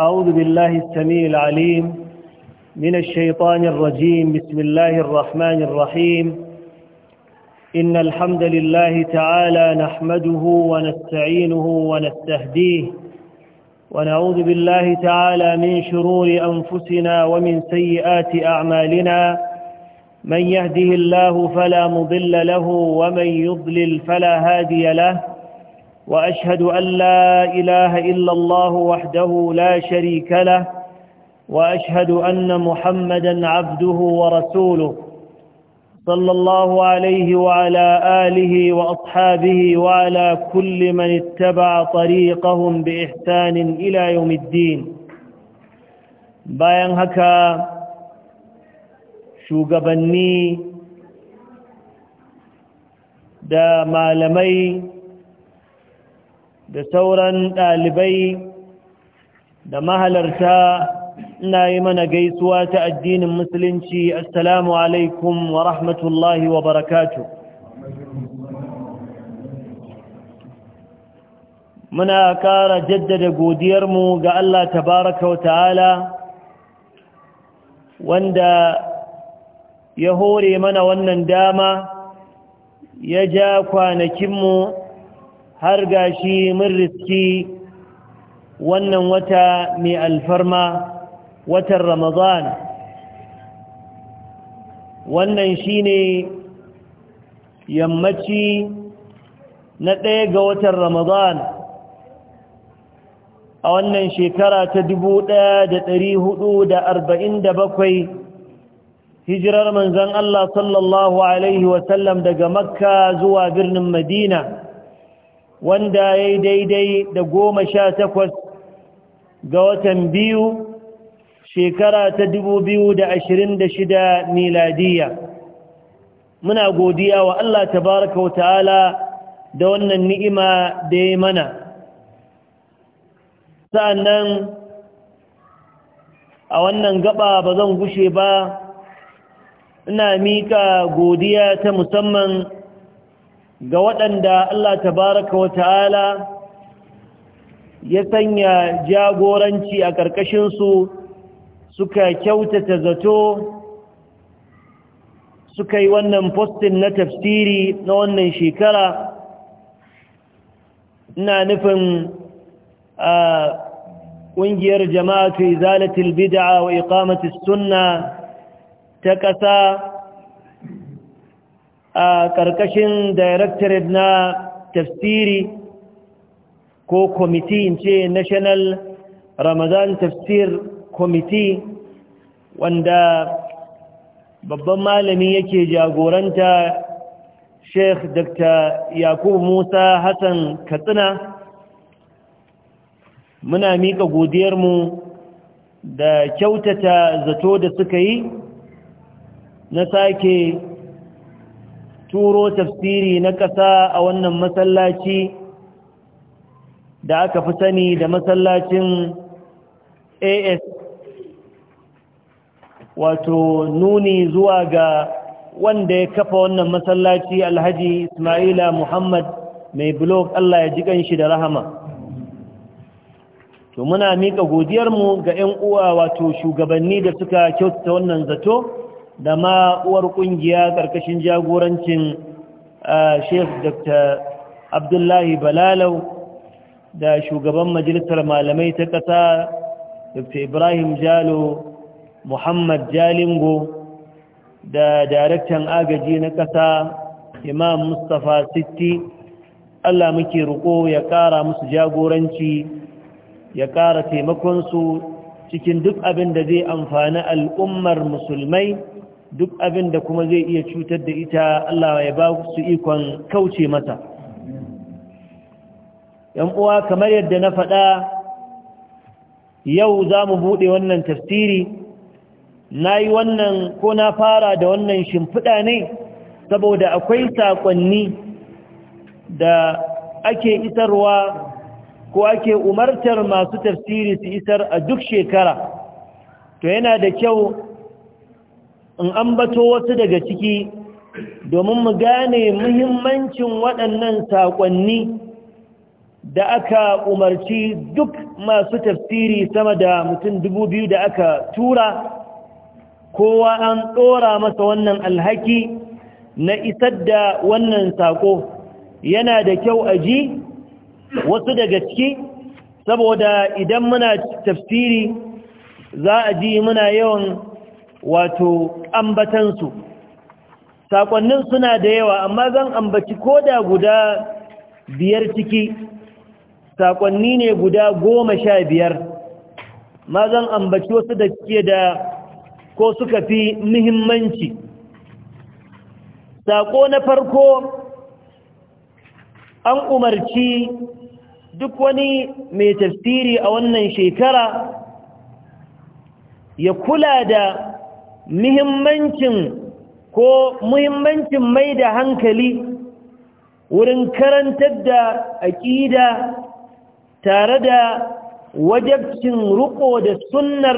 أعوذ بالله السميع العليم من الشيطان الرجيم بسم الله الرحمن الرحيم إن الحمد لله تعالى نحمده ونستعينه ونستهديه ونعوذ بالله تعالى من شرور أنفسنا ومن سيئات أعمالنا من يهده الله فلا مضل له ومن يضلل فلا هادي له وأشهد أن لا إله إلا الله وحده لا شريك له وأشهد أن محمدا عبده ورسوله صلى الله عليه وعلى آله وأصحابه وعلى كل من اتبع طريقهم بإحسان إلى يوم الدين bayan haka shugabanni da malamai da sauran ɗalibai da mahalarta ina yi mana gaisuwa ta addinin musulunci assalamu alaikum wa rahmatullahi wa barakatu muna ƙara jaddada godiyarmu ga Allah tabaraka wa ta'ala wanda ya hore mana wannan dama ya ja kwanakinmu har gashi mun riski wannan wata mai alfarma watan ramadan wannan shine yammaci na ɗaya ga watan ramadan a wannan shekara ta bakwai, hijirar manzon Allah sallallahu alaihi wasallam daga makka zuwa birnin madina wanda ya yi daidai da goma sha takwas ga watan biyu shekara ta dubu biyu da ashirin da shida miladiya muna godiya wa Allah tabaraka wa ta'ala da wannan ni'ima da ya mana sa'annan a wannan gaba ba zan gushe ba ina miƙa godiya ta musamman ga waɗanda Allah tabaraka wa ta'ala ya sanya jagoranci a ƙarƙashinsu suka kyautata zato suka yi wannan postin na tafsiri na wannan shekara ina nufin a ƙungiyar jama'a jama'atu izalatul bid'a wa iqamatus sunna ta ƙasa a ƙarƙashin directorate na tafsiri ko kwamiti in ce national ramadan tafsir kwamiti wanda babban malami yake jagoranta sheikh dr Yakubu musa hassan katsina muna miƙa godiyarmu da kyautata zato da suka yi na sake turo tafsiri na ƙasa a wannan masallaci da aka fi sani da masallacin as wato nuni zuwa ga wanda ya kafa wannan masallaci alhaji ismaila muhammad mai blog allah ya ji shi da rahama to muna miƙa godiyarmu ga 'yan uwa wato shugabanni da suka kyautata wannan zato da ma uwar kungiya karkashin jagorancin Sheikh Dr. Abdullahi Balalau da shugaban majalisar malamai ta ƙasa Dr. Ibrahim Jalo Muhammad Jalingo da daraktan agaji na ƙasa Imam Mustapha Sitti Allah muke roƙo ya ƙara musu jagoranci ya ƙara taimakonsu cikin duk abin da zai amfani al'ummar musulmai duk abin da kuma zai iya cutar da ita Allah ya ba su ikon kauce mata yan uwa kamar yadda na faɗa yau za mu buɗe wannan tafsiri na yi wannan ko na fara da wannan shimfiɗa ne saboda akwai saƙonni da ake isarwa ko ake umartar masu tafsiri su isar a duk shekara to yana da kyau in ambato wasu daga ciki domin mu gane muhimmancin waɗannan saƙonni da aka umarci duk masu tafsiri sama da mutum dubu biyu da aka tura kowa an ɗora masa wannan alhaki na isar da wannan saƙo yana da kyau a ji wasu daga ciki saboda idan muna tafsiri za a ji muna yawan wato ambatansu saƙonnin suna da yawa amma zan ambaci ko da guda biyar ciki saƙonni ne guda goma sha biyar ma zan ambaci wasu da ke da ko suka fi muhimmanci saƙo na farko an umarci duk wani mai tafsiri a wannan shekara ya kula da muhimmancin ko muhimmancin mai da hankali wurin karantar da aƙida tare da wajabcin riƙo da sunnar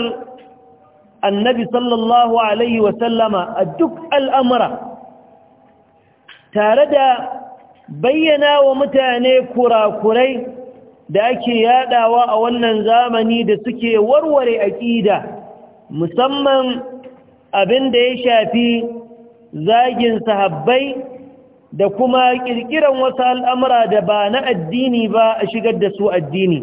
annabi sallallahu alaihi wasallama a duk al'amura tare da bayyana wa mutane kurakurai da ake yadawa a wannan zamani da suke warware aƙida musamman abin da ya shafi zagin sahabbai da kuma ƙirƙiran wasu al'amura da ba na addini ba a shigar da su addini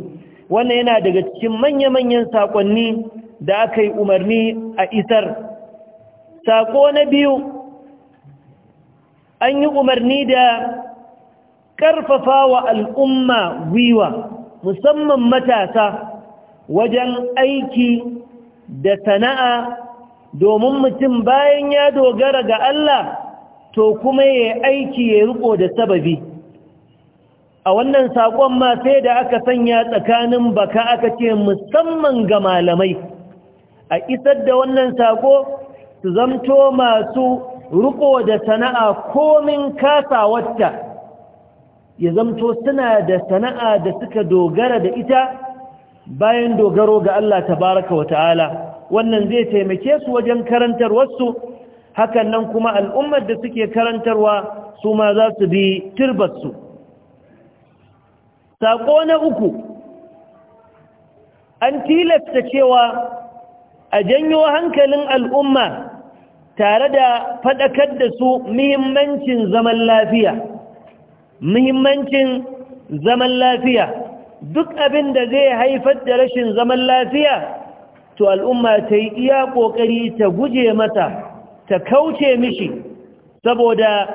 wannan yana daga cikin manya-manyan saƙonni da aka yi umarni a isar saƙo na biyu an yi umarni da ƙarfafa wa al'umma gwiwa musamman matasa wajen aiki da sana'a domin mutum bayan ya dogara ga Allah to kuma ya aiki ya riko da sababi a wannan saƙon ma sai da aka sanya tsakanin baka aka ce musamman ga malamai a isar da wannan saƙo su zamto masu riko da sana'a komin kasawarta ya zamto suna da sana'a da suka dogara da ita bayan dogaro ga Allah tabaraka wa ta'ala wannan zai taimake su wajen karantarwarsu hakan nan kuma al'ummar da suke karantarwa su ma za su bi turbarsu saƙo na uku an tilasta cewa a janyo hankalin al'umma tare da faɗakar da su muhimmancin zaman lafiya muhimmancin zaman lafiya duk abin da zai haifar da rashin zaman lafiya to al'umma ta yi iya ƙoƙari ta guje mata ta kauce mishi saboda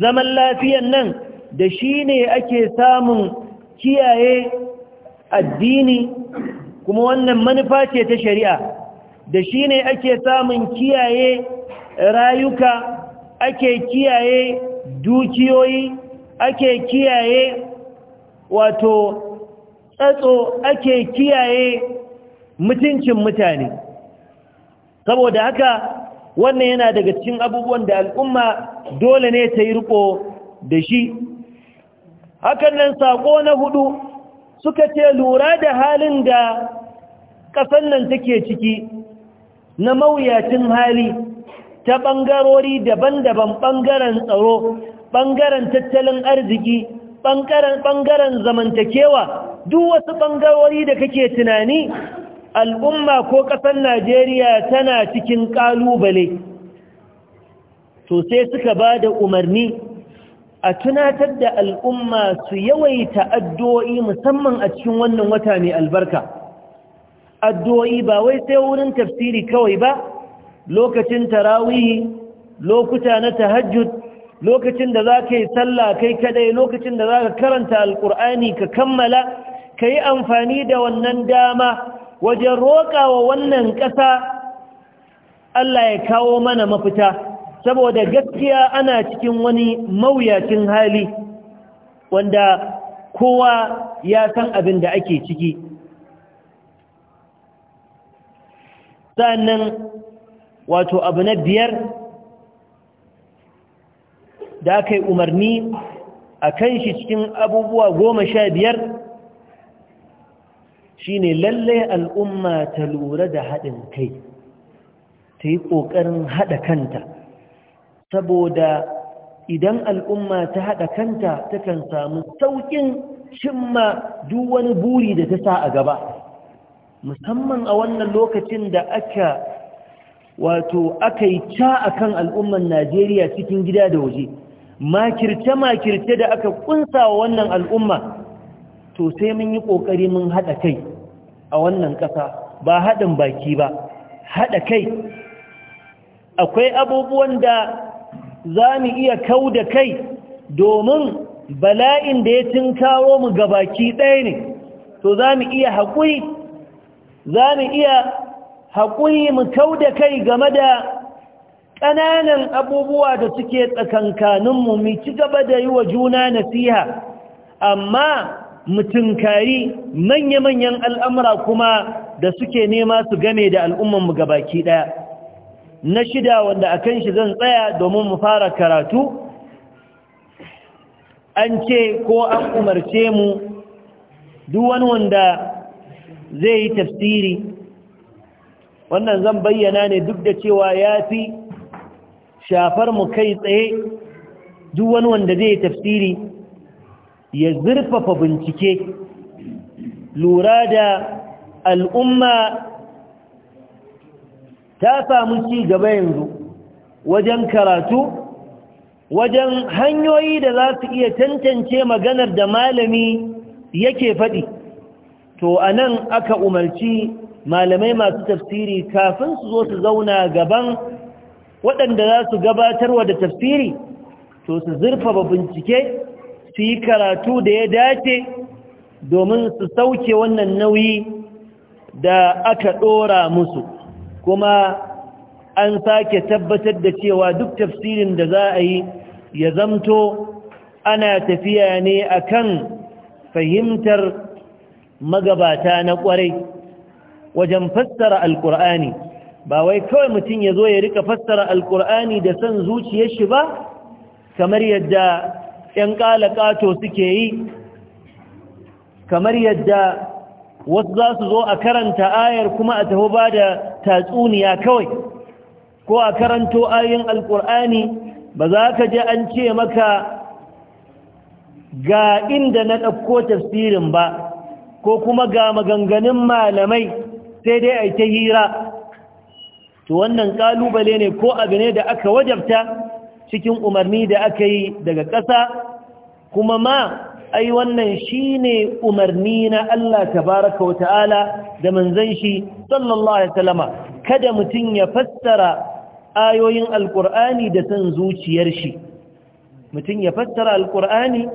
zaman lafiyan nan da shi ne ake samun kiyaye addini kuma wannan manufa ce ta shari'a da shi ne ake samun kiyaye rayuka ake kiyaye dukiyoyi ake kiyaye wato tsatso ake kiyaye mutuncin mutane saboda haka wannan yana daga cikin abubuwan da al'umma dole ne ta yi riko da shi hakan nan saƙo na hudu suka ce lura da halin da ƙasar nan take ciki na mawuyacin hali ta ɓangarori daban-daban ɓangaren tsaro ɓangaren tattalin arziki ɓangaren zamantakewa duk wasu ɓangarori da kake tunani al'umma ko ƙasar najeriya tana cikin ƙalubale to sai suka ba da umarni a tunatar da al'umma su yawaita addu'o'i musamman a cikin wannan wata mai albarka addu'o'i ba wai sai wurin tafsiri kawai ba lokacin tarawihi lokuta na tahajjud lokacin da za ka yi sallah kai kadai lokacin da za ka karanta alkur'ani ka kammala ka yi amfani da wannan dama wajen roƙa wa wannan ƙasa Allah ya kawo mana mafita saboda gaskiya ana cikin wani mawuyacin hali wanda kowa ya san abin da ake ciki sannan wato abu na biyar da aka yi umarni a kan shi cikin abubuwa goma sha biyar Shi ne lallai al'umma ta lura da haɗin kai ta yi ƙoƙarin haɗa kanta saboda idan al'umma ta haɗa kanta ta kan samu sauƙin cimma duk wani buri da ta sa a gaba musamman a wannan lokacin da aka wato aka yi ca a kan al'umman najeriya cikin gida da waje makirce-makirce da aka ƙunsa wa wannan al'umma to sai mun yi ƙoƙari mun haɗa kai a wannan ƙasa ba haɗin baki ba haɗa kai akwai abubuwan da za mu iya kau da kai domin bala'in da ya kawo mu ga baki ɗaya ne to za mu iya haƙuri za mu iya haƙuri mu kau da kai game da ƙananan abubuwa da suke tsakankaninmu mu ci gaba da yi wa juna nasiha amma mutunkari manya-manyan al'amura kuma da suke nema su game da al'ummanmu gabaki ɗaya na shida wanda a kan shi zan tsaya domin mu fara karatu an ce ko an umarce mu duk wani wanda zai yi tafsiri wannan zan bayyana ne duk da cewa ya fi shafar mu kai tsaye duk wani wanda zai yi tafsiri ya zurfafa bincike lura da al'umma ta samu ci gaba yanzu wajen karatu wajen hanyoyi da za su iya tantance maganar da malami yake faɗi to a nan aka umarci malamai masu tafsiri kafin su zo su zauna gaban waɗanda za su gabatarwa da tafsiri to su zurfafa bincike su yi karatu da ya dace domin su sauke wannan nauyi da aka ɗora musu kuma an sake tabbatar da cewa duk tafsirin da za a yi ya zamto ana tafiya ne akan fahimtar magabata na ƙwarai wajen fassara alƙur'ani ba wai kawai mutum ya zo ya rika fassara alƙur'ani da son zuciyar shi ba kamar yadda ‘yan ƙato suke yi kamar yadda wasu za su zo a karanta ayar kuma a taho ba da tatsuniya kawai ko a karanto ayin alƙur'ani ba za ka ji an ce maka ga inda na ɗauko tafsirin ba ko kuma ga maganganun malamai sai dai a yi ta hira to wannan ƙalubale ne ko abu ne da aka wajabta cikin umarni da aka yi daga ƙasa kuma ma ai wannan shine umarni na Allah tabaraka wa ta'ala da manzon shi sallallahu alaihi wasallama kada mutum ya fassara ayoyin alqur'ani da san zuciyar shi mutum ya fassara alqur'ani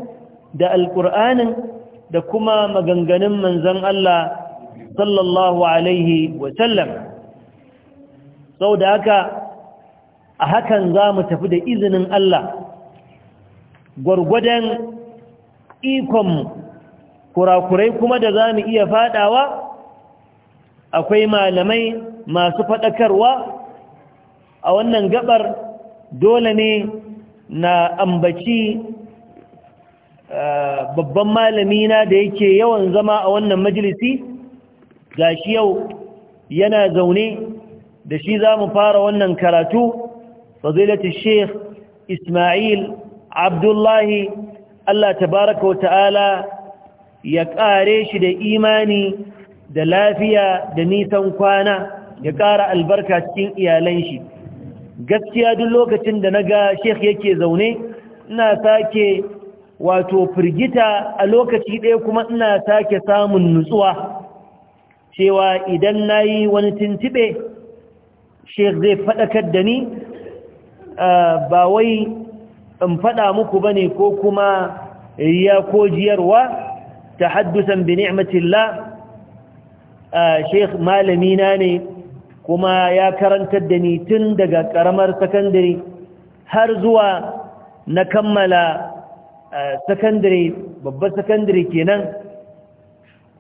da alqur'anin da kuma maganganun manzon Allah sallallahu alaihi wasallam sau da haka a hakan za mu tafi da izinin Allah gwargwadon ikon kurakurai kuma da za mu iya fadawa akwai malamai masu faɗakarwa a wannan gabar dole ne na ambaci eh, babban malami na da yake yawan zama a wannan majalisi gashi yau yana zaune da shi za mu fara wannan karatu فضيلة الشيخ Isma'il Abdullahi الله الله تبارك ya ƙare shi da imani da lafiya da nisan kwana ya ƙara albarka cikin iyalan shi gaskiya duk lokacin da na ga sheikh yake zaune ina sake wato firgita a lokaci ɗaya kuma ina sake samun nutsuwa cewa idan nayi wani tuntuɓe sheikh zai faɗakar da ni ba wai in faɗa muku bane ko kuma ya ko jiyarwa tahaddusan bi ni'matillah sheikh malami na ne kuma ya karantar da ni tun daga karamar sakandare har zuwa na kammala sakandare babbar sakandare kenan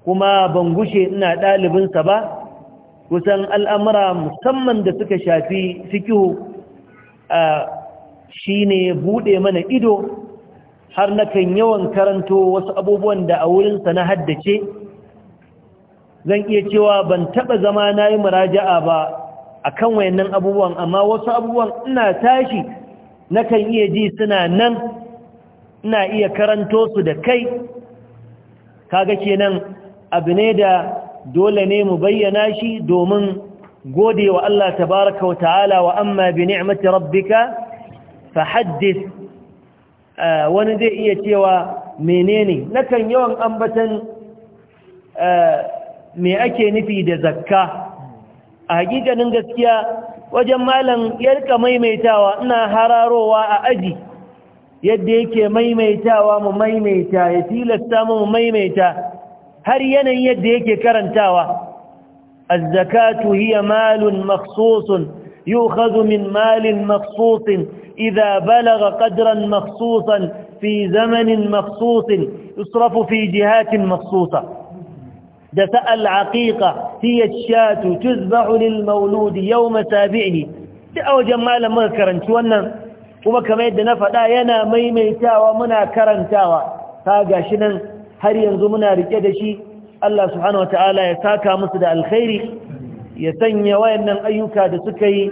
kuma ban gushe ina ɗalibinsa ba kusan al'amura musamman da suka shafi fikihu shi ne buɗe mana ido har nakan yawan karanto wasu abubuwan da a wurinsa na haddace zan iya cewa ban taɓa zama na yi muraja'a ba a kan wayannan abubuwan amma wasu abubuwan ina tashi nakan iya ji suna nan ina iya karanto su da kai kaga kenan abu ne da dole ne mu bayyana shi domin gode wa Allah tabaraka wa ta'ala wa amma bi ni'mati rabbika fa haddith ah, wani zai iya cewa menene nakan yawan ambatan ah, me ake nufi da zakka a hakikanin gaskiya wajen malam yarka maimaitawa ina hararowa a aji yadda yake maimaitawa mu maimaita ya tilasta mu maimaita har yanayin yadda yake karantawa الزكاة هي مال مخصوص يؤخذ من مال مخصوص إذا بلغ قدرا مخصوصا في زمن مخصوص يصرف في جهات مخصوصة دفاء العقيقة هي الشاة تذبح للمولود يوم سابعه أو جمال مذكرا شوانا وما كما yadda نفع لا ينا maimaitawa muna karantawa هذا gashi هل ينظمنا yanzu Allah subhanahu ta'ala ya saka musu da alkhairi ya sanya wayannan ayyuka da suka yi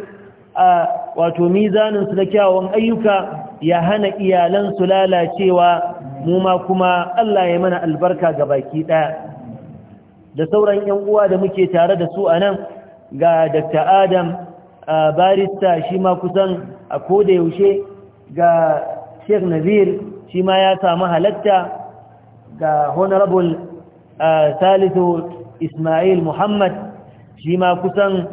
a wato mizanin su na kyawawan ayyuka ya hana iyalan su lalacewa mu ma kuma Allah ya mana albarka ga baki daya da sauran yan uwa da muke tare da su anan ga Dr. Adam barista shi ma kusan a koda yaushe ga Sheikh Nazir shi ma ya samu halatta ga Honorable salisu ismail muhammad فيما kusan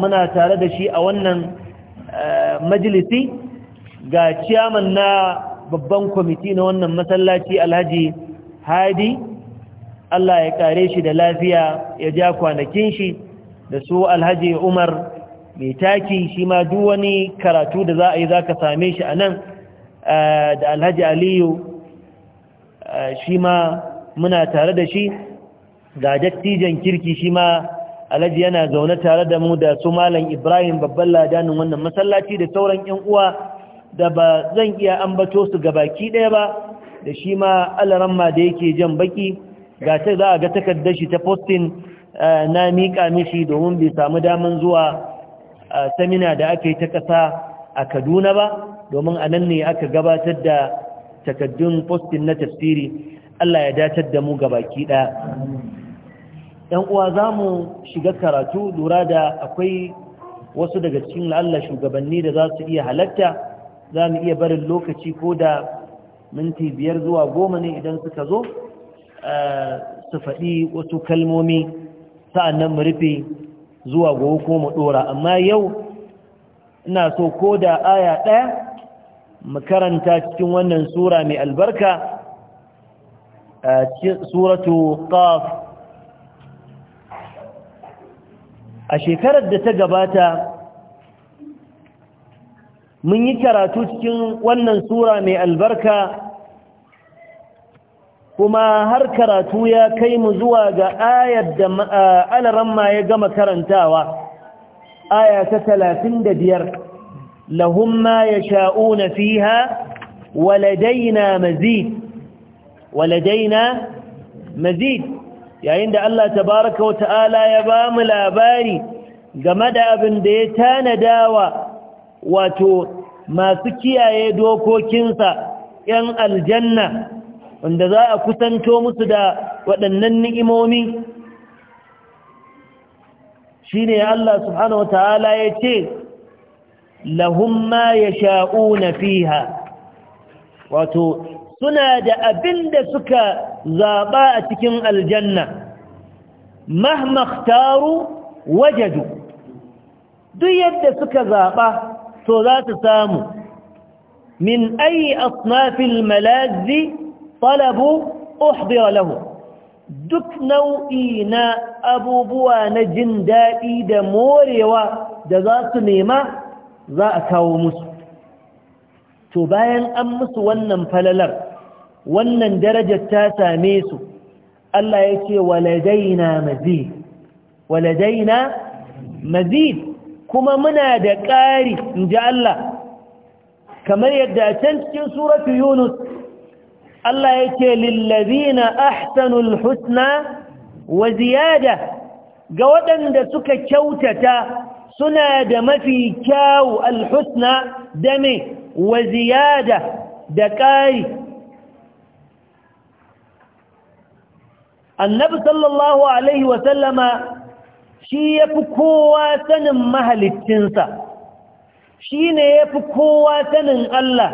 muna tare da shi a wannan majalisi ga chairman na babban kwamiti na wannan masallaci alhaji hadi Allah ya kare shi da lafiya ya ja kwanakin shi da su alhaji umar mai taki shi ma duk wani karatu da za a yi zaka same shi anan da alhaji aliyu shi ma muna tare da shi ga dattijan kirki shi ma alhaji yana zaune tare da mu da su malam ibrahim babban ladanin wannan masallaci da sauran yan uwa da ba zan iya ambato su ga baki ɗaya ba da shi ma alaramma da yake jan baki ga ta za a ga takardar shi ta postin eh, na miƙa mishi domin bai samu daman zuwa samina da aka yi ta ƙasa a kaduna ba domin a nan ne aka gabatar da takaddun postin na tafsiri Allah ya datar da mu gabaki ɗaya ‘yan uwa za mu shiga karatu lura da akwai wasu daga cikin la'alla shugabanni da za su iya halatta za mu iya barin lokaci ko da minti biyar zuwa goma ne idan suka zo eh, su faɗi wasu kalmomi sa'annan mu rufe zuwa gobe ko mu ɗora amma yau ina so ko da aya ɗaya mu karanta cikin wannan sura mai albarka suratu qaf a shekarar da ta gabata mun yi karatu cikin wannan sura mai albarka kuma har karatu ya kai mu zuwa ga ayar da ma ya gama karantawa aya ta talatin da biyar lahumma ya sha'una fiha waladaina mazid waladaina mazid yayin da Allah tabaraka wata'ala ya ba mu labari game da abin da ya tanadawa wato masu kiyaye dokokinsa ‘yan aljanna wanda za a kusanto musu da waɗannan ni'imomi shi ne Allah subhanahu wa ta'ala ya ce Lahumma ya sha'una fiha wato suna da abin da suka zaɓa a cikin aljanna mahmaktaru wajadu duk yadda suka zaɓa to za su samu min ayi asnafil malazi talabu uhdira lahu duk nau'i na abubuwa na jin daɗi da morewa da za su nema za a kawo musu to bayan an musu wannan falalar wannan darajar ta same su Allah ya ce waladaina mazid waladaina mazid kuma muna da ƙari in ji Allah kamar yadda can cikin suratu yunus Allah ya ce lillazina ahsanul husna wa ziyada ga waɗanda suka kyautata suna da mafi kyawu alhusna da wa ziyada da ƙari annabi sallallahu alaihi wasallama shi ya fi kowa sanin mahalicinsa shi ne ya fi kowa sanin Allah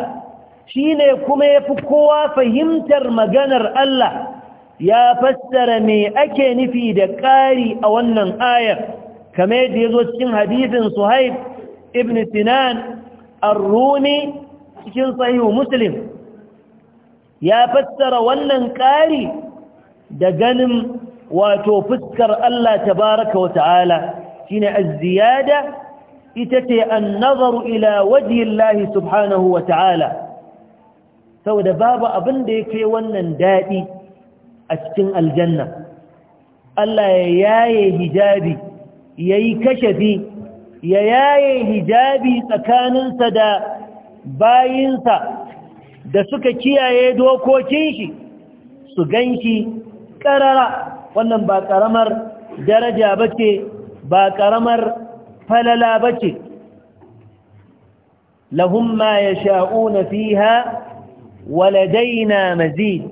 shi ne kuma ya fi kowa fahimtar maganar Allah ya fassara me ake nufi da ƙari a wannan ayar kame da ya zo cikin hadisin suhaib ibn sinan ar-rumi cikin sahihu muslim ya fassara wannan ƙari da ganin wato fuskar Allah tabaraka wa ta'ala shine az-ziyada ita ce an-nazaru ila wajhi Allah subhanahu wa ta'ala saboda babu abin da yake wannan dadi a cikin aljanna Allah ya yaye hijabi yayi kashafi ya yaye hijabi tsakaninsa da bayinsa da suka kiyaye dokokin shi su ganshi ƙarara wannan ba ƙaramar daraja ba ce ba ƙaramar falala ba ce ma ya sha'una fiha waladaina mazid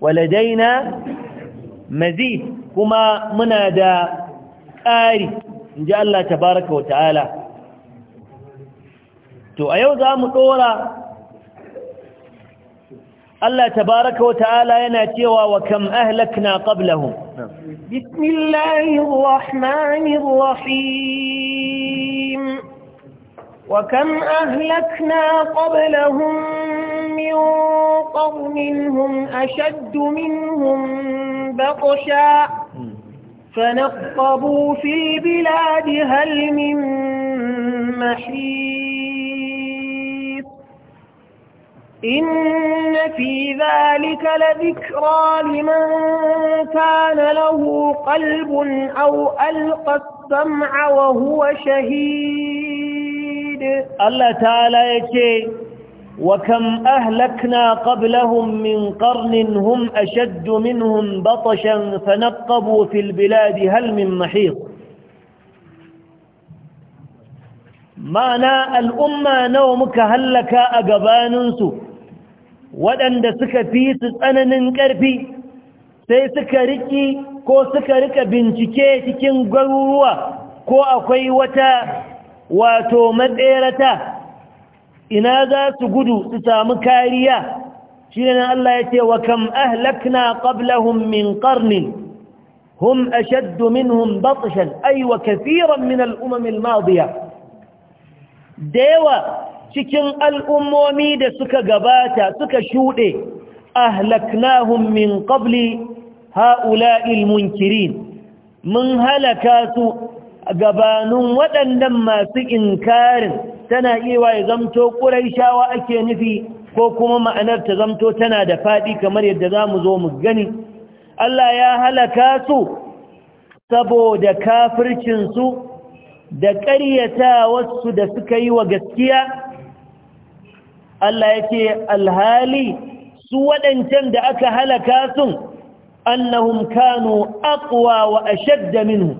waladaina mazid kuma muna da ƙari in ji Allah tabaraka wa ta'ala to a yau za mu dora Allah tabaraka wa ta'ala yana cewa wa kam ahlakna qablahum bismillahir rahmanir rahim wa kam ahlakna qablahum min qarnin hum ashaddu minhum baqsha فنقبوا في البلاد هل من محيط إن في ذلك لذكرى لمن كان له قلب أو ألقى السمع وهو شهيد الله تعالى يتشيه وكم أهلكنا قبلهم من قرن هم أشد منهم بطشا فنقبوا في البلاد هل من محيط معنى الأمة نومك هلك أقباننس وأن دسك في أنا ننكرفي سيسك ركي كو سكرك بنتكي تكين قلوة كو أقوي وتا واتو مدئرته ina za su gudu su samu kariya shi ne Allah ya ce wa kam ahlakna qablahum min qarnin hum ashadd minhum batshan ay wa kathiran min al-umam al-madiya dewa cikin al'ummomi da suka gabata suka shude ahlaknahum min qabli ha'ula'i al-munkirin mun halaka su gabanun waɗannan masu inkarin tana iya ya zamto ƙuraishawa ake nufi ko kuma ma'anar ta zamto tana da faɗi kamar yadda za mu zo mu gani Allah ya halaka su saboda kafircinsu da ƙaryata wasu da suka yi wa gaskiya Allah ya ce alhali su waɗancan da aka halaka sun annahum kanu aqwa wa ashadda minhu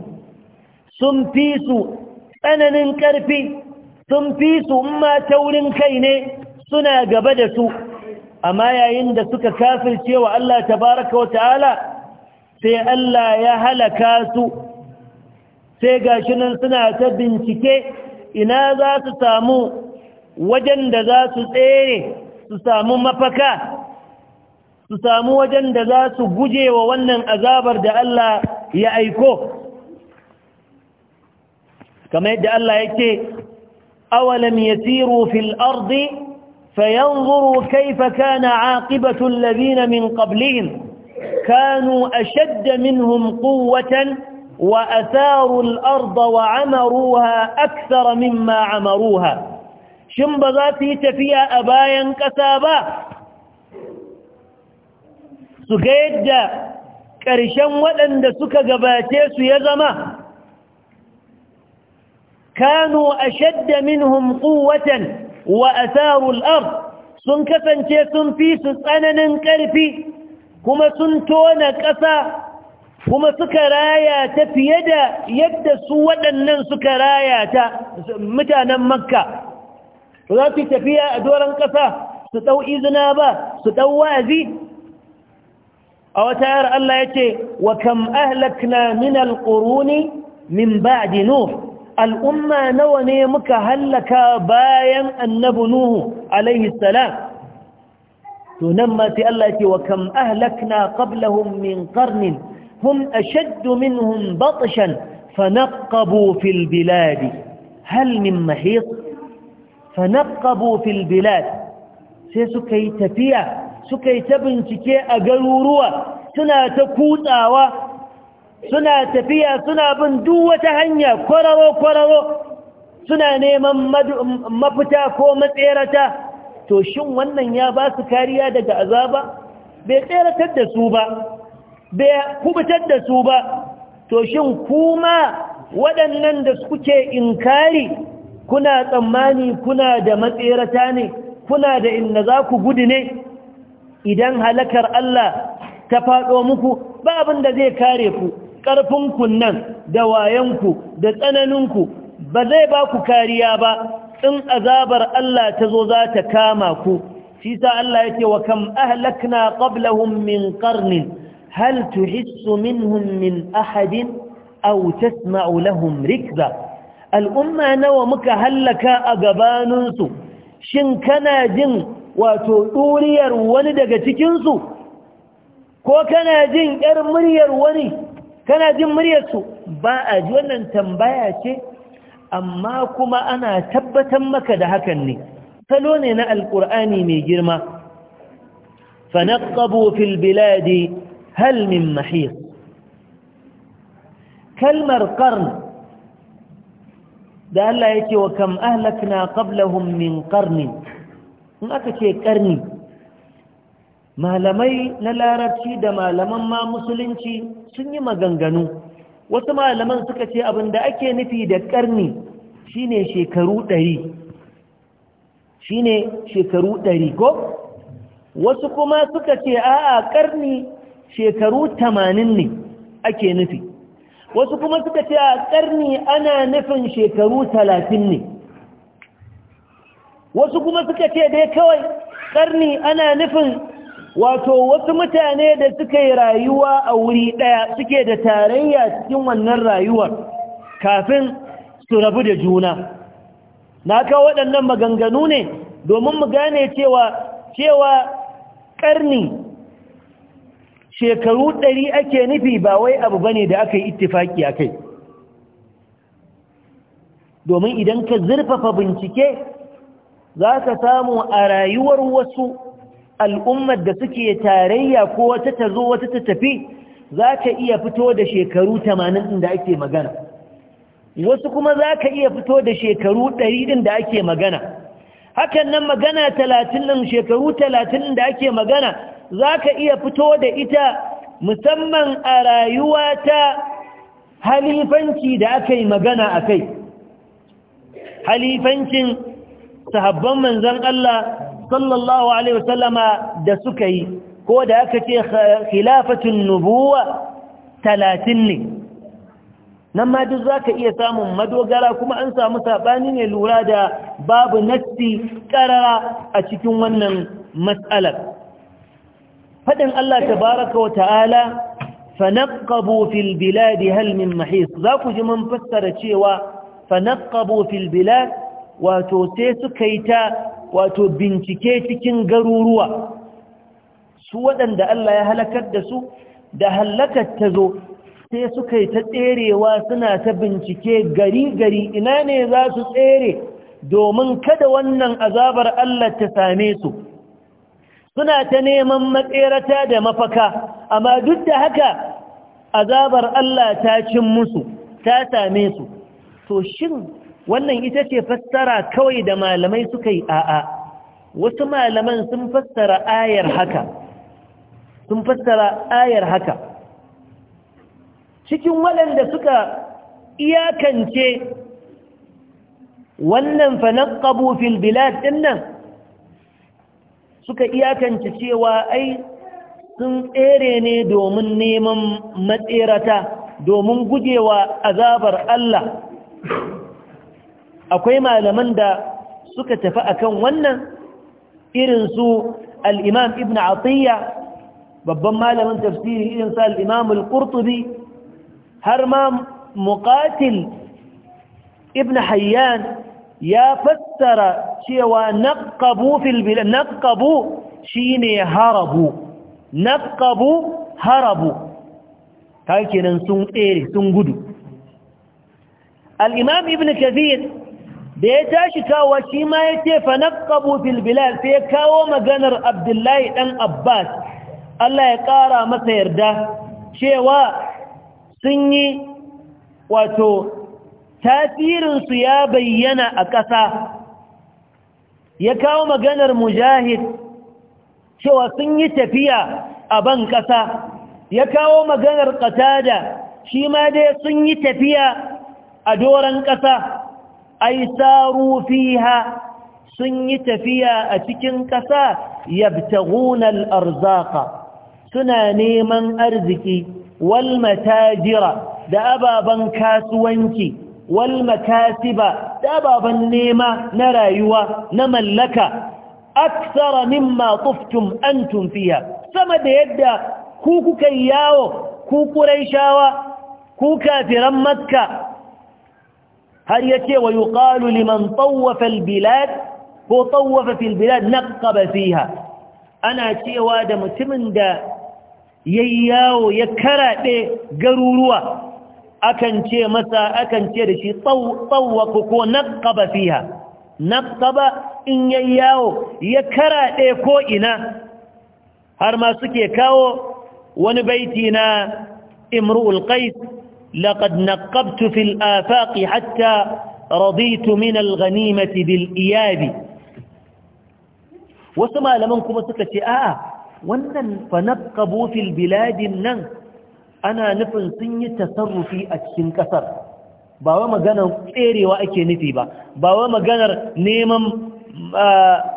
sun fi su tsananin ƙarfi sun fi su ma taurin kai ne suna gaba da su amma yayin da suka kafirce wa Allah tabaraka wata'ala sai Allah ya halaka su sai gashi nan suna ta bincike ina za su samu wajen da za su tsere su samu mafaka su samu wajen da za su guje wa wannan azabar da Allah ya aiko kamar yadda Allah yake أولم يسيروا في الأرض فينظروا كيف كان عاقبة الذين من قبلهم كانوا أشد منهم قوة وأثاروا الأرض وعمروها أكثر مما عمروها ذاتي تفيا أبايا كثابا سكيد كرشا ولن سكا قباتيس يزمه Kano كانوا أشد منهم قوة وأثار الأرض sun kasance sun fi su tsananin ƙarfi kuma sun tona ƙasa kuma suka raya fiye da yadda su waɗannan suka raya ta mutanen makka za su tafiya a doron ƙasa su ɗau izina ba su ɗau wazi a wata yara Allah ya ce wa kam ahlakna minal ƙuruni min ba'dinu al'umma nawa ne muka hallaka bayan annabi nuhu alaihi salam to nan ma Allah ce wa kam ahlakna qablahum min qarnin hum ashaddu minhum batshan fanaqabu fil bilad hal min mahis fanaqabu fil bilad sai suka yi tafiya suka yi ta bincike a garuruwa suna ta kutsawa suna tafiya suna bin duk wata hanya kwararo-kwararo suna neman mafita ko matserata to shin wannan ya ba su kariya daga azaba bai tseratar da su ba bai kubutar da su ba to shin kuma waɗannan da in inkari kuna tsammani kuna da matserata ne kuna da inda za ku gudu ne idan halakar Allah ta faɗo muku ba abin da zai kare ku ƙarfin kunnen, da wayanku da tsananinku ba zai ba ku kariya ba in azabar Allah ta zo za ta kama ku shi Allah yake wa kam ahlakna qablahum min qarnin hal tuhissu minhum min ahadin aw tasma'u lahum rikza al'umma nawa muka hallaka a gabaninsu shin kana jin wato ɗuriyar wani daga cikinsu ko kana jin ‘yar muryar wani kana jin muryarsu ba a ji wannan tambaya ce amma kuma ana tabbatar maka da hakan ne salo ne na alkur'ani mai girma fanaqabu fil biladi hal min mahis kalmar qarn da Allah yake wa kam ahlakna qablahum min qarni in aka ce qarni malamai na larabci da malaman ma musulunci sun yi maganganu wasu malaman suka ce abin da ake nufi da ƙarni shine shekaru ɗari shine shekaru ɗari ko wasu kuma suka ce a'a ƙarni shekaru tamanin ne ake nufi wasu kuma suka ce a ƙarni ana nufin shekaru talatin ne wasu kuma suka ce dai kawai ƙarni ana nufin wato wasu mutane da suka yi rayuwa a wuri ɗaya suke da tarayya cikin wannan rayuwar kafin su rabu da juna na kawo waɗannan maganganu ne domin mu gane cewa cewa ƙarni shekaru ɗari ake nufi ba wai abu bane da aka yi ittifaki a kai domin idan ka zurfafa bincike za ka samu a rayuwar wasu al'ummar da suke tarayya ko wata ta zo wata ta tafi za ka iya fito da shekaru tamanin da ake magana wasu kuma za ka iya fito da shekaru ɗari ɗin da ake magana hakan nan magana talatin nan shekaru talatin ɗin da ake magana za ka iya fito da ita musamman a rayuwa ta halifanci da aka yi magana a kai halifancin sahabban manzan Allah sallallahu alaihi wasallama da suka yi ko da aka ce khilafatun nubuwa talatin ne nan ma duk za ka iya samun madogara kuma an samu saɓani ne lura da babu nassi ƙarara a cikin wannan matsalar faɗin Allah tabaraka wa ta'ala fanaqabu fil bilad hal min mahis za ku ji mun fassara cewa fanaqabu fil bilad wato sai suka yi ta wato bincike cikin garuruwa su waɗanda Allah ya halakar da su da halakar ta zo sai suka yi ta tserewa suna ta bincike gari-gari ina ne za su tsere domin kada wannan azabar Allah ta same su suna ta neman matserata da mafaka amma duk da haka azabar Allah ta cin musu ta same su to shin wannan ita ce fassara kawai da malamai suka yi a'a wasu malaman sun fassara ayar haka sun fassara ayar haka cikin waɗanda suka iyakance wannan fanaqabu fil bilad dinnan suka iyakance cewa ai sun tsere ne domin neman matserata domin gujewa azabar Allah akwai malaman da suka tafi akan wannan irin su al-imam ibn atiyya babban malamin tafsiri irin su al-imam har ma muqatil ibn hayyan ya fassara cewa naqqabu fil naqqabu shine harabu naqqabu harabu kenan sun tsere sun gudu al-imam ibn kathir da ya tashi kawo shi ma ya ce fanaqabu fil sai ya kawo maganar abdullahi ɗan abbas Allah ya ƙara masa yarda cewa sun yi wato tasirinsu ya bayyana a ƙasa ya kawo maganar mujahid cewa sun yi tafiya a ban ƙasa ya kawo maganar ƙatada shi ma dai sun yi tafiya a doron ƙasa ai saru fiha sun yi tafiya a cikin ƙasa yabtaghuna al-arzaqa suna neman arziki wal matajira da ababan kasuwanci wal makasiba da ababan nema na rayuwa na mallaka aksara mimma tuftum antum fiha sama da yadda ku kuka yawo ku quraishawa ku kafiran makka har yace wa yuqalu liman tawwafa albilad ko tawwafa fil bilad naqaba fiha ana cewa da mutumin da yayyawo ya karade garuruwa akan ce masa akan ce da shi tawwaka ko naqaba fiha naqaba in yayyawo ya karade ko ina har ma suke kawo wani baiti na imru'ul qais لقد نقبت في الآفاق حتى رضيت من الغنيمة بالإياب wasu malaman kuma suka ce a'a wannan fanaqabu fil biladin nan ana nufin sun yi tasarrufi a cikin kasar ba wa maganar tserewa ake nufi ba ba wa maganar neman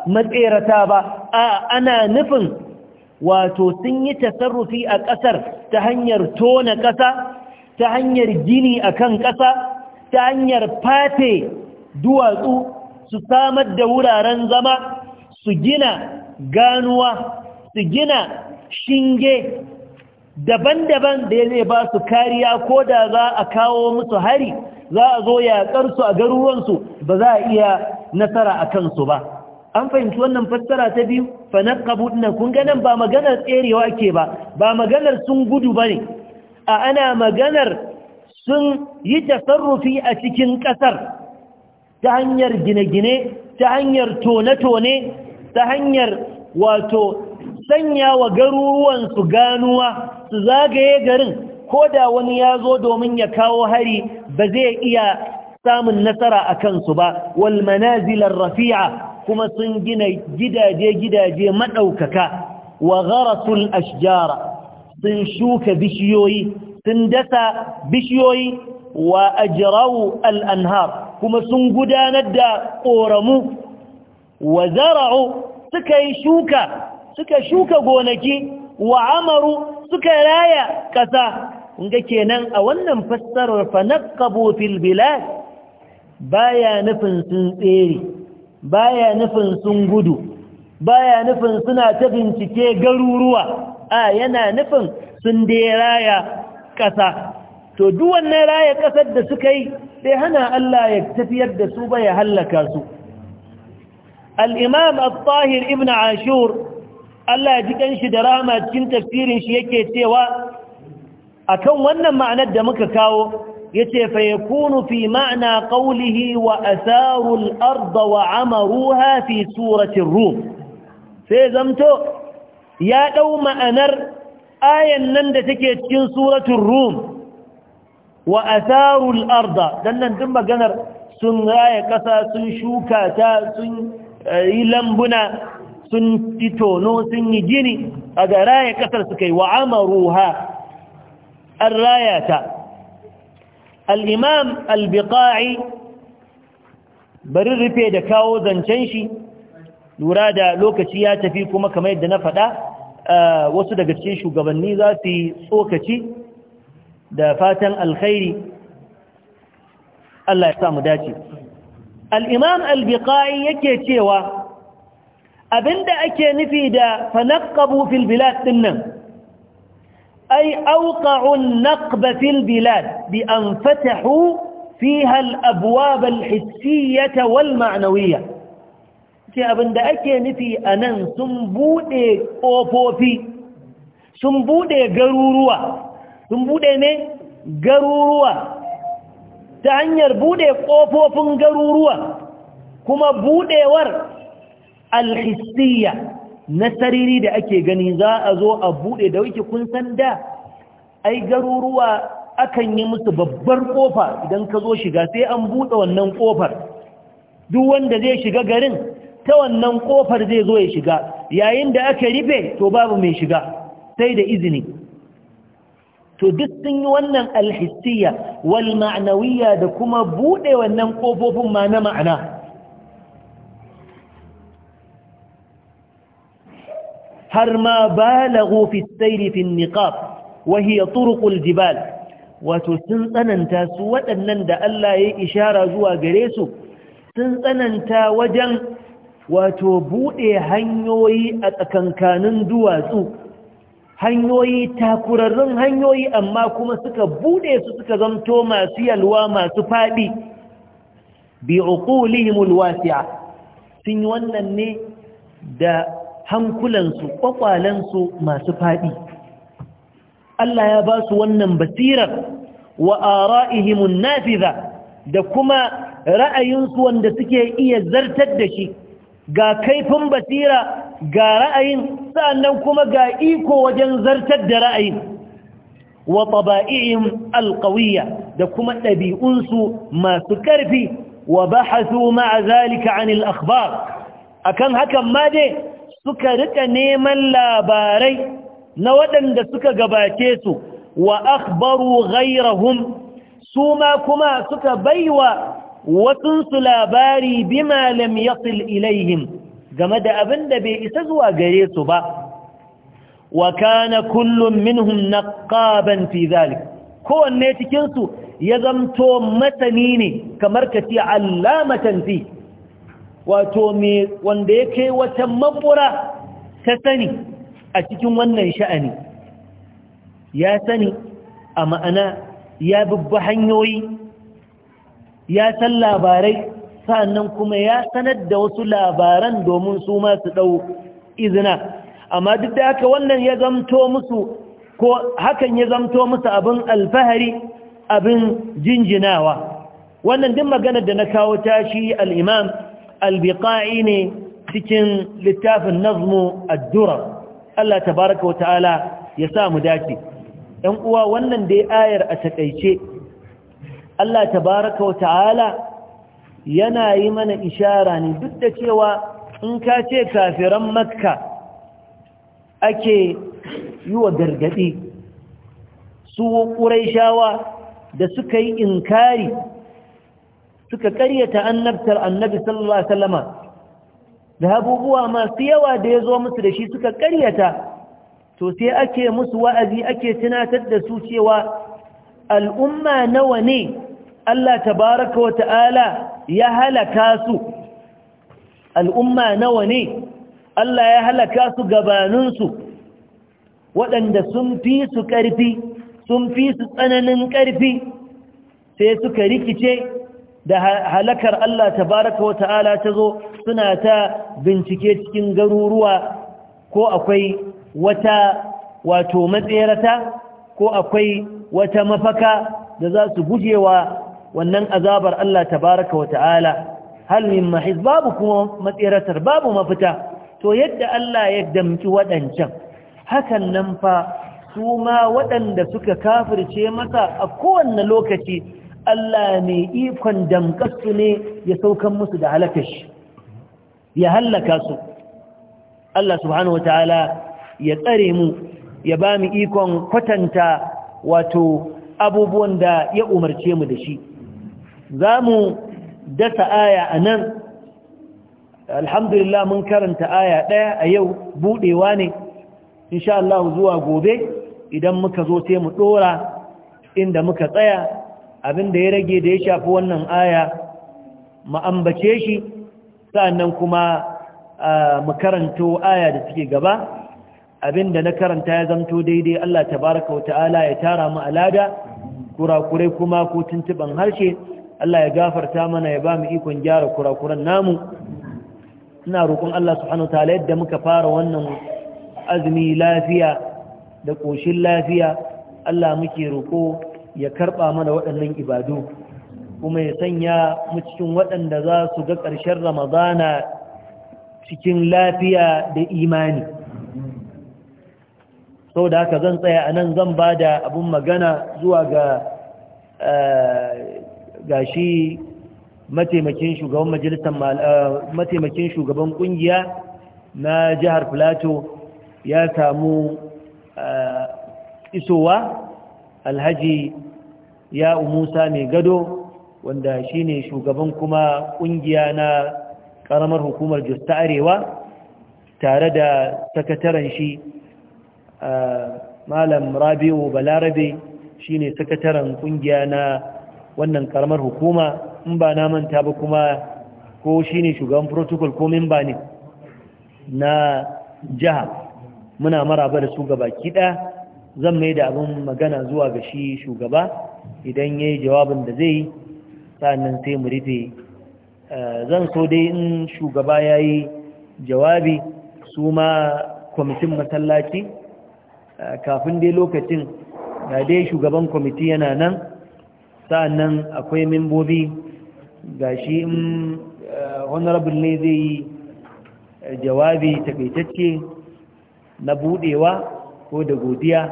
matserata ba a ana nufin wato sun yi tasarrufi a kasar ta hanyar tona kasa ta hanyar gini akan ƙasa ta hanyar fate duwatsu su samar da wuraren zama su gina ganuwa su gina shinge daban-daban da ya zai ba su kariya ko da za a kawo musu hari za a zo yaƙarsu a garuruwansu ba za a iya nasara a kansu ba an fahimci wannan fassara ta biyu fanar kabuɗinan kun ganin ba maganar tserewa ke ba ba maganar sun gudu ba ne a ana maganar sun yi tasarrufi a cikin ƙasar ta hanyar gine-gine ta hanyar tone-tone ta hanyar wato sanya wa garuruwansu ganuwa su zagaye garin ko da wani ya zo domin ya kawo hari ba zai iya samun nasara a kansu ba wal manazilar rafi'a kuma sun gina gidaje-gidaje maɗaukaka wa gharasul ashjara sun shuka bishiyoyi sun dasa bishiyoyi wa ajrau al kuma sun gudanar da koramu wa zara'u suka yi shuka suka shuka gonaki wa amaru suka raya kasa ga kenan a wannan fassarar fa naqabu fil bilad baya nufin sun tsere baya nufin sun gudu baya nufin suna ta bincike garuruwa a yana nufin sun dai raya ƙasa to duk wannan raya ƙasar da suka yi sai hana Allah ya tafiyar da su ba ya hallaka su al-imam al-tahir ibn ashur Allah ya ji kanshi da rahama cikin tafsirin shi yake cewa akan wannan ma'anar da muka kawo yace fa kunu fi ma'na qawlihi wa asarul al wa amaruha fi suratin ar sai zamto ya ɗau ma'anar ayan nan da take cikin suratun rum wa asarul arda dan nan duk maganar sun raya ƙasa sun shuka ta sun eh, yi lambuna sun yi sun yi gini a ga raya ƙasar suka yi wa amaruha an raya ta al'imam albiƙa'i bari rufe da kawo zancen shi lura da lokaci ya tafi kuma kamar yadda na faɗa wasu daga cikin shugabanni za su yi tsokaci da fatan alkhairi Allah ya samu dace al'imam albiƙa'i yake cewa abinda ake nufi da fanakabu fil bilad ɗin nan ai auƙa'un naƙba fil bilad bi an fatahu fi hal abuwa bal hissiyata wal ma'anawiyya ce abinda ake nufi a nan sun buɗe ƙofofi sun buɗe garuruwa sun buɗe ne garuruwa ta hanyar buɗe ƙofofin garuruwa kuma buɗewar alhissiyya na sariri da ake gani za a zo a buɗe da wike kun san da ai garuruwa akan yi musu babbar ƙofa idan ka zo shiga sai an buɗe wannan ƙofar duk wanda zai shiga garin ta wannan kofar zai zo ya shiga yayin da aka rufe to babu mai shiga sai da izini to duk sun yi wannan alhissiya wal ma'anawiya da kuma buɗe wannan kofofin ma na ma'ana har ma balagu fi sayri fi niqab wa hiya jibal wato sun tsananta su waɗannan da Allah ya ishara zuwa gare su sun tsananta wajen wato buɗe hanyoyi a tsakankanin duwatsu hanyoyi takurarrun hanyoyi amma kuma suka buɗe su suka zamto masu yalwa masu faɗi bi uqulihimul wasi'a sun yi wannan ne da hankulansu kwakwalansu masu faɗi Allah ya ba su wannan basirar wa ara'ihimun nafiza da kuma ra'ayinsu wanda suke iya zartar da shi ga kaifin basira ga ra'ayin sa'annan kuma ga iko wajen zartar da ra'ayin wa taba'i'in alqawiyya da kuma ɗabi'unsu masu ƙarfi wa bahathu ma'a zalika 'anil akhbar akan hakan ma dai suka rika neman labarai na waɗanda suka gabace su wa akhbaru ghayrahum suma kuma suka baiwa wasunsu labari bima lam yasil ilaihim game da abin da bai isa zuwa gare su ba wa kana kullum minhum naqaban fi zalik kowanne cikin su ya zamto masani ne kamar ka ce allamatan fi wato me wanda yake wata mabura ta sani a cikin wannan sha'ani ya sani a ma'ana ya bubba hanyoyi ya san labarai sannan kuma ya sanar da wasu labaran domin su ma su ɗau izina amma duk da haka wannan ya zamto musu ko hakan ya zamto musu abin alfahari abin jinjinawa wannan duk maganar da na kawo tashi al'imam albiƙa'i ne cikin littafin nazmu addura Allah tabaraka wa ta'ala ya sa mu dace ‘yan uwa wannan dai ayar a taƙaice Allah tabaraka wa ta'ala yana yi mana ishara ne duk da cewa in ka ce kafiran makka ake yi wa gargaɗi su ƙuraishawa da suka yi inkari suka ƙaryata annabtar annabi sallallahu alaihi wasallama da abubuwa masu yawa da ya zo musu da shi suka ƙaryata to sai ake musu wa'azi ake tunatar da su cewa al'umma nawa ne Allah tabaraka wa ta'ala ya halaka su al'umma nawa ne Allah ya halaka su gabaninsu waɗanda sun fi su ƙarfi sun fi su tsananin ƙarfi sai suka rikice da halakar Allah tabaraka wa ta'ala ta zo suna ta bincike cikin garuruwa ko akwai wata wato matsayarata ko akwai wata mafaka da za su gujewa wannan azabar Allah tabaraka wa ta'ala hal min mahiz babu kuma matsiratar babu mafita to yadda Allah ya damki waɗancan hakan nan fa su ma waɗanda suka kafirce masa a kowane lokaci Allah mai ikon damƙasu ne ya saukan musu da halakashi ya hallaka su Allah subhanahu wa ta'ala ya tsare mu ya ba mu ikon kwatanta wato abubuwan da ya umarce mu da shi za mu dasa aya a nan alhamdulillah mun karanta aya ɗaya a yau buɗewa ne insha Allah zuwa gobe idan muka zo sai mu ɗora inda muka tsaya abin da ya rage da ya shafi wannan aya ma'ambace shi nan kuma mu karanto aya da suke gaba abin da na karanta ya zamto daidai Allah tabaraka wa ta'ala ya tara mu alada kurakurai kuma ko tuntuban harshe Allah ya gafarta mana ya ba mu ikon gyara kurakuran namu ina roƙon Allah subhanahu ta'ala yadda muka fara wannan azumi lafiya da ƙoshin lafiya Allah muke roƙo ya karɓa mana waɗannan ibadu kuma ya sanya mu cikin waɗanda za su ga ƙarshen ramadana cikin lafiya da imani sau da haka zan tsaya a nan zan ba da abin magana zuwa ga eh, gashi mataimakin shugaban eh, mataimakin shugaban kungiya na jihar plateau ya samu eh, isowa alhaji ya musa mai gado wanda shine shugaban kuma kungiya na karamar hukumar jos ta arewa tare da sakataren shi eh, malam rabiu balarabe shine sakataren kungiya na wannan karamar hukuma in ba na manta ba kuma ko shi ne shugaban protocol ko memba ne na jiha muna maraba da su gaba kiɗa zan mai da abin magana zuwa ga shi shugaba idan ya yi jawabin da zai yi sa'annan sai mu rufe eh, zan so dai in shugaba ya yi jawabi su ma kwamitin masallaci eh, kafin dai lokacin da dai shugaban kwamiti yana nan sa'annan akwai membobi ga shi eh, honorable ne zai yi eh, jawabi takaitacce na budewa ko da godiya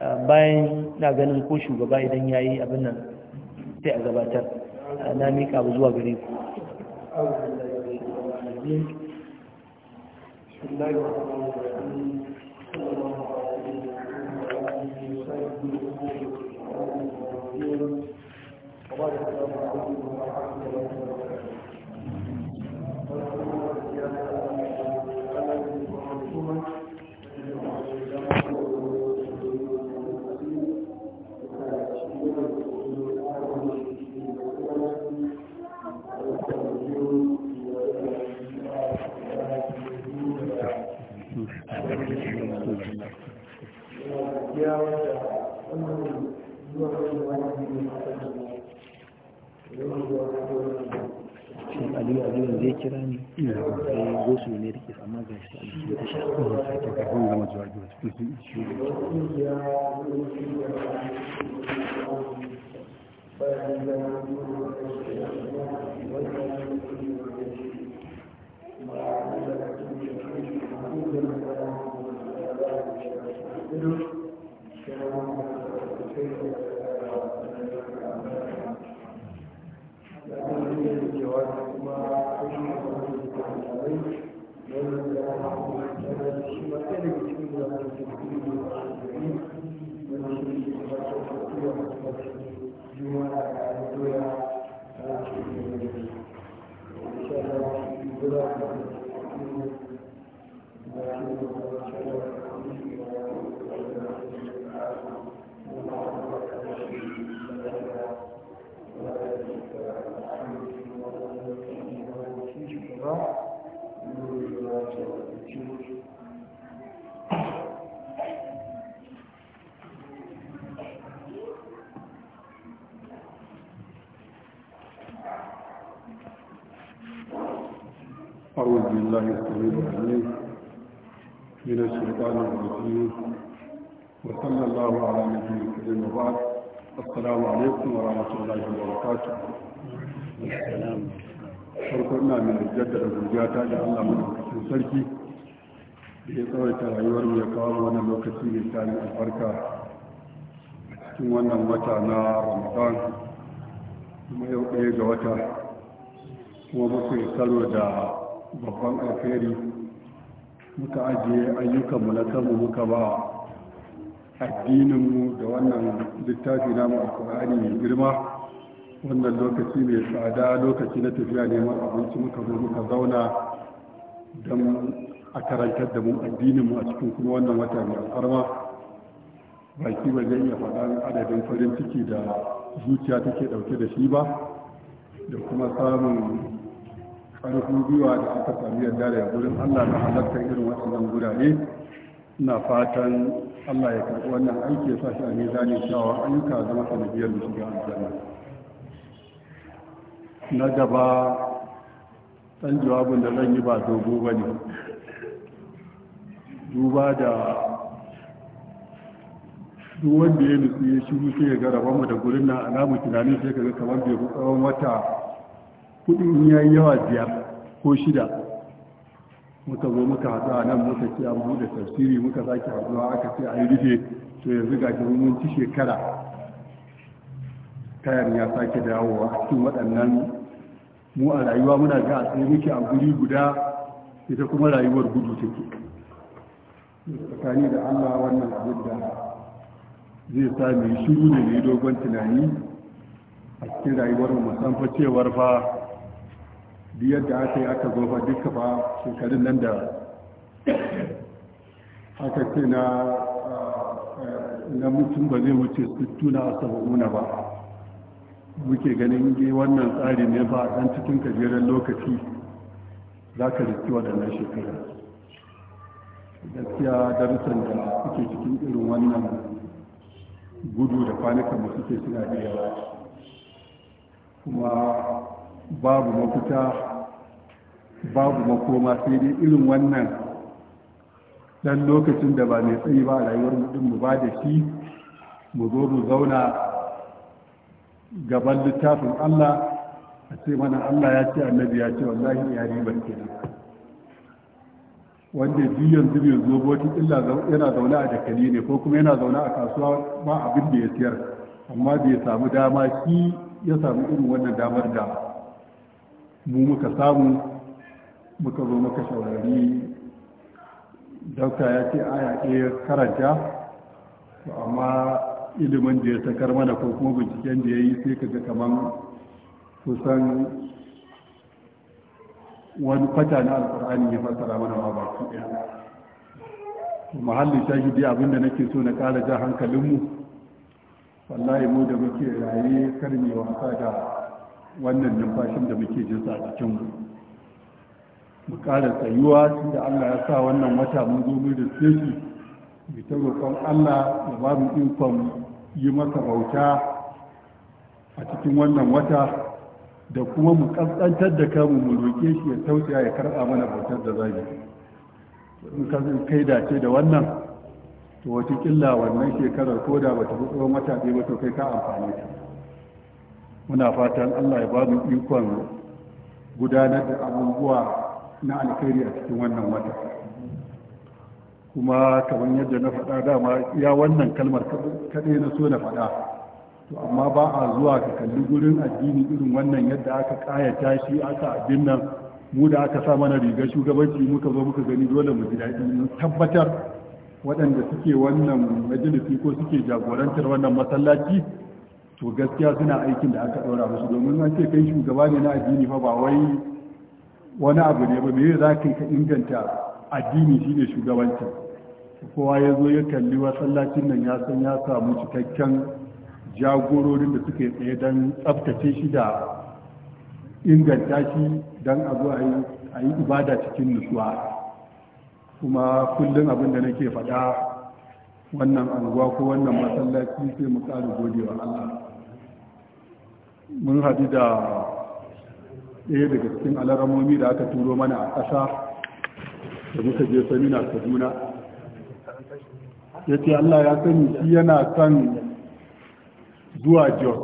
eh, bayan na ganin ko shugaba idan ya yi abin nan sai a gabatar na mika abu zuwa gare ku الله السميع العليم من الشيطان الرجيم وصلى الله على نبينا الكريم وبعد السلام عليكم ورحمة الله وبركاته السلام da Allah madaukakin sarki da ya tsawaita rayuwar mu ya kawo wani lokaci mai a cikin wannan wata na ramadan kuma yau ɗaya ga wata kuma yi da babban alheri muka ajiye ayyukanmu na kanmu muka ba addininmu da wannan littafi namu alkur'ani mai girma wannan lokaci mai tsada lokaci na tafiya neman abinci muka zo muka zauna don a karantar da mu addininmu a cikin kuma wannan wata mai alfarma baki ba zai iya faɗan adadin farin ciki da zuciya take ɗauke da shi ba da kuma samun ƙarfin gwiwa da aka sami yarda da wurin allah na halartar irin nan gurare na fatan allah ya karɓi wannan aiki ya sashi shi a nizanin cewa ayyuka zama sanadiyar da shiga aljanna na gaba ɗan jawabin da zan yi ba dogo ba ne duba da duk wanda ya nufi ya shiru sai ya ga rabanmu da gurin na alamun tunanin sai ka ga kamar bai fi tsawon wata kudin ya yi yawa biyar ko shida muka zo muka haɗu a nan muka ce an buɗe tafsiri muka zaki haɗuwa aka ce yi rufe to yanzu ga mun ci shekara kayan ya sake dawowa a cikin waɗannan mu a rayuwa muna ga a tsaye muke a guri guda ita kuma rayuwar gudu take tsakani da allah wannan abin da zai sami shiru da mai dogon tunani a cikin rayuwar musamman cewar fa duk yadda aka yi aka zofa duka ba shekarun nan da aka ce na mutum ba zai wuce sittuna saba'una ba muke ganin yi wannan tsari ne ba dan cikin gajeren lokaci za ka riski waɗannan shekara gaskiya darussan da suke cikin irin wannan gudu da kwanukan da suke suna da yawa kuma babu mafita babu makoma sai dai irin wannan dan lokacin da ba mai tsayi ba a rayuwar mutum mu ba da shi mu zo mu zauna gaban littafin Allah a ce mana Allah ya ce annabi ya ce wallahi ya barke kenan wanda biyan zube zo illa yana zaune a dakali ne ko kuma yana zaune a kasuwa ba abin da ya siyar amma bai samu dama shi ya samu irin wannan damar da mu muka samu muka zo muka saurari dauka ya ce aya ɗaya karanta amma ilimin da ya sakar mana ko kuma binciken da ya yi sai ka ga kamar kusan wani kwata na alkur'ani ya fassara mana ma ba baki ɗaya mahallin shahidi abinda nake so na ƙara ja hankalinmu wallahi mu da muke raye karmewa sa da wannan numfashin da muke jinsa a cikinmu mu ƙara tsayuwa tun da allah ya sa wannan wata mun zo mu da shi mu ta roƙon allah ya ba mu ikon yi masa bauta a cikin wannan wata da kuma mu ƙasƙantar da kanmu mu roƙe shi ya tausaya ya karɓa mana bautar da zai in ka kai dace da wannan to wata wannan shekarar ko da bata fi tsohon wata ɗaya ba to kai ka amfani ta muna fatan allah ya ba mu ikon gudanar da abubuwa na alkhairi a cikin wannan wata kuma kamar yadda na faɗa dama ya wannan kalmar kaɗai na so na faɗa to amma ba a zuwa ka kalli gurin addini irin wannan yadda aka ƙayata shi aka abin nan mu da aka sa mana rigar shugabanci muka zo muka gani dole mu ji daɗi mun tabbatar waɗanda suke wannan majalisi ko suke jagorantar wannan masallaci to gaskiya suna aikin da aka ɗora musu domin an ce kai shugaba ne na addini fa ba wai wani abu ne ba me za ka ka inganta addini shi ne shugabanci kowa ya zo ya kalli masallacin nan ya san ya samu cikakken jagororin da suka tsaye don tsabtace shi da inganta shi don a zo a yi ibada cikin nutsuwa kuma kullum abin da nake faɗa wannan anguwa ko wannan masallaci sai mu ƙara godewa Allah mun haɗu da ɗaya daga cikin alaramomi da aka turo mana a ƙasa da muka je samina kaduna ya ce allah ya sani shi yana son zuwa jos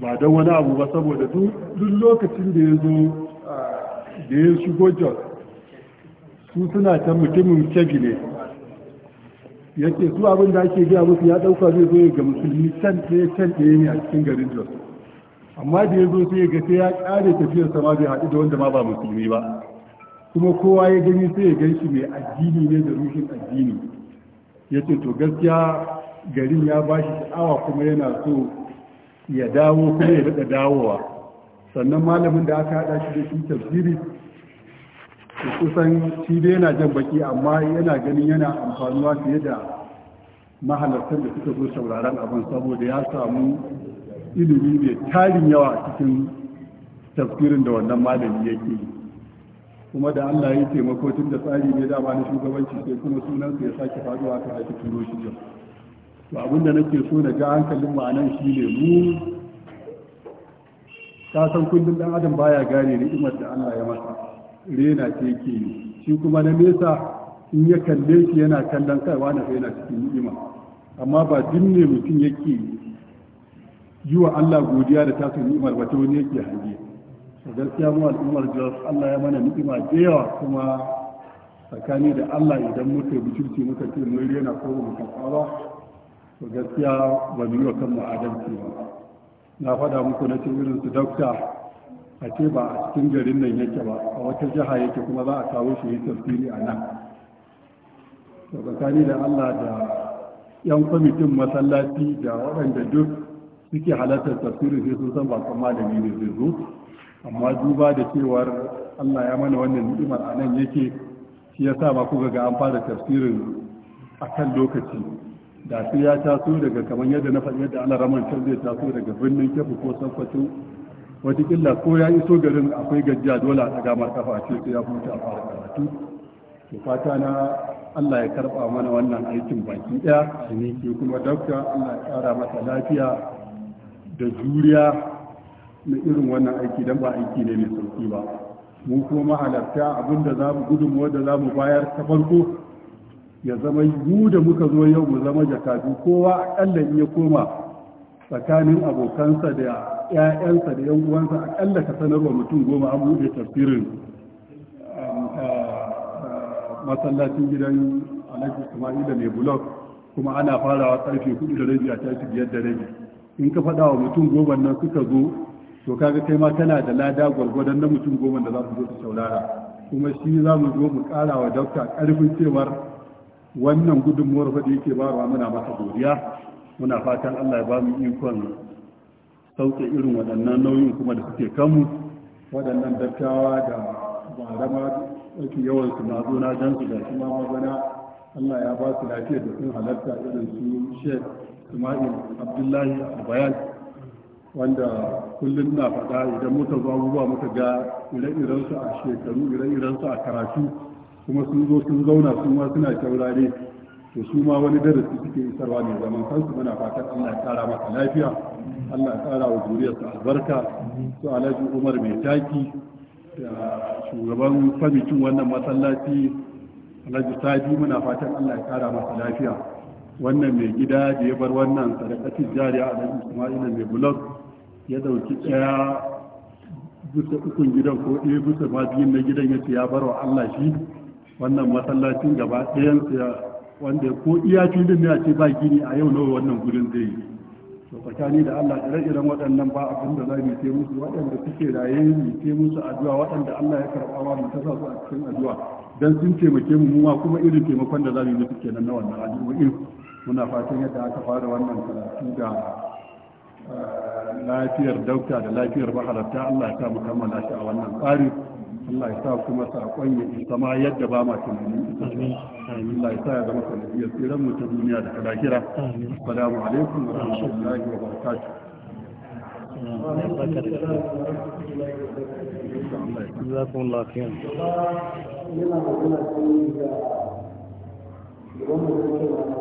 ba don wani abu ba saboda duk lokacin da ya zo da ya shigo jos su suna can mutumin kegi ne ya ce su abin da ake biya musu ya ɗauka zai zo ga musulmi can ɗaya can ɗaya ne a cikin garin jos amma da ya zo sai ga sai ya kare tafiyar sama bai haɗu da wanda ma ba musulmi ba kuma kowa ya gani sai ya gan shi mai addini ne da rushin addini ya ce to gaskiya garin ya ba shi sha'awa kuma yana so ya dawo kuma ya daɗa dawowa sannan malamin da aka haɗa shi da shi tafsiri kusan shi dai yana jan baki amma yana ganin yana amfanuwa fiye da mahalartar da suka zo sauraron abin saboda ya samu ilimi ne tarin yawa a cikin tafsirin da wannan malami yake kuma da Allah ya taimako tun da tsari ne dama na shugabanci sai kuma sunansa ya sake faduwa ka ake turo shi jam to da nake so na ga hankalin ma'anan shi ne mu ka san kullum dan adam baya gane ni'imar da Allah ya masa rena ce yake yi shi kuma na nesa in ya kalle shi yana kallon kaiwa na yana cikin ni'ima amma ba duk ne mutum yake yi wa Allah godiya da tasiri ni'imar wata wani yake hange to gaskiya mu al'ummar Jos Allah ya mana ni'ima da yawa kuma tsakani da Allah idan muka yi muka ce mun rena ko mu kafa ba to gaskiya ba mu yi wa kanmu adalci ba na faɗa muku na ce irin su dokta a ce ba a cikin garin nan yake ba a wata jiha yake kuma za a kawo shi yi tafsiri a nan to tsakani da Allah da yan kwamitin masallaci da waɗanda duk suke halartar tafsiri sai sun san ba bakon malami ne zai zo amma duba da cewar Allah ya mana wannan ni'imar a nan yake shi ya sa ma kuka ga an fara tafsirin a kan lokaci da sai ya taso daga kamar yadda na faɗi yadda ana raman can zai taso daga birnin kyafu ko sanfato watakila ko ya iso garin akwai gajiya dole a ɗaga kafa a ce sai ya huta a fara karatu to fata na Allah ya karɓa mana wannan aikin baki ɗaya shi kuma dauka Allah ya ƙara masa lafiya da juriya na irin wannan aiki don ba aiki ne mai sauki ba mu kuma mahalarta abinda za mu gudun da za mu bayar ta farko ya zama mu da muka zo yau mu zama jakadu kowa akalla iya koma tsakanin abokansa da 'ya'yansa da 'yan uwansa akalla ka sanarwa mutum goma an buɗe tafsirin um, uh, uh, masallacin gidan alhaji mai bulog kuma ana farawa karfe 4 da rabi a tashi biyar da rabi in ka faɗa wa mutum goma nan suka zo to kaga kai ma tana da lada gwargwadon na mutum goma da za su zo su saurara kuma shi za mu zo mu ƙara wa dokta ƙarfin cewar wannan gudunmuwar faɗi yake ba wa muna masa godiya muna fatan allah ya ba mu ikon sauke irin waɗannan nauyin kuma da suke kanmu waɗannan dattawa da barama ake yawan su na zo na jan su da shi ma magana allah ya ba su lafiya da sun halarta irin su shek ismail abdullahi albayan wanda kullum na faɗa idan muka zo abubuwa muka ga ire su a shekaru ire su a karatu kuma sun zo sun zauna su ma suna kyaurare to su ma wani darasi suke isarwa ne zaman kansu muna fatan Allah ya kara maka lafiya Allah ya kara wa zuriyarsa albarka su Alhaji Umar mai taki da shugaban kwamitin wannan masallaci Alhaji Sadi muna fatan Allah ya kara masa lafiya wannan mai gida da ya bar wannan sadakatin jariya a ɗan ismaila mai bulog ya ɗauki ɗaya bisa ukun gidan ko ɗaya bisa ma biyun na gidan ya ce ya bar wa allah shi wannan masallacin gaba ya wanda ko iya filin ne a ce ba gini a yau nawa wannan gurin zai yi to tsakani da Allah ire-iren waɗannan ba abin da za mu ce musu waɗanda suke raye mu ce musu addu'a waɗanda Allah ya karɓa wa mu ta sa su a cikin addu'a dan sun taimake mu mu kuma irin taimakon da za mu yi musu kenan na wannan addu'o'in muna fatan yadda aka fara wannan karatu da eh, lafiyar dauka da lafiyar mahalarta Allah ya sa mu kammala shi a wannan tsari Allah ya sa kuma saƙon ya isa ma yadda ba ma tunanin isa Allah ya sa ya zama sanadiyar tsiran mu ta duniya da ta lahira assalamu alaikum wa rahmatullahi wa barakatuh jazakumullahu khairan yana magana da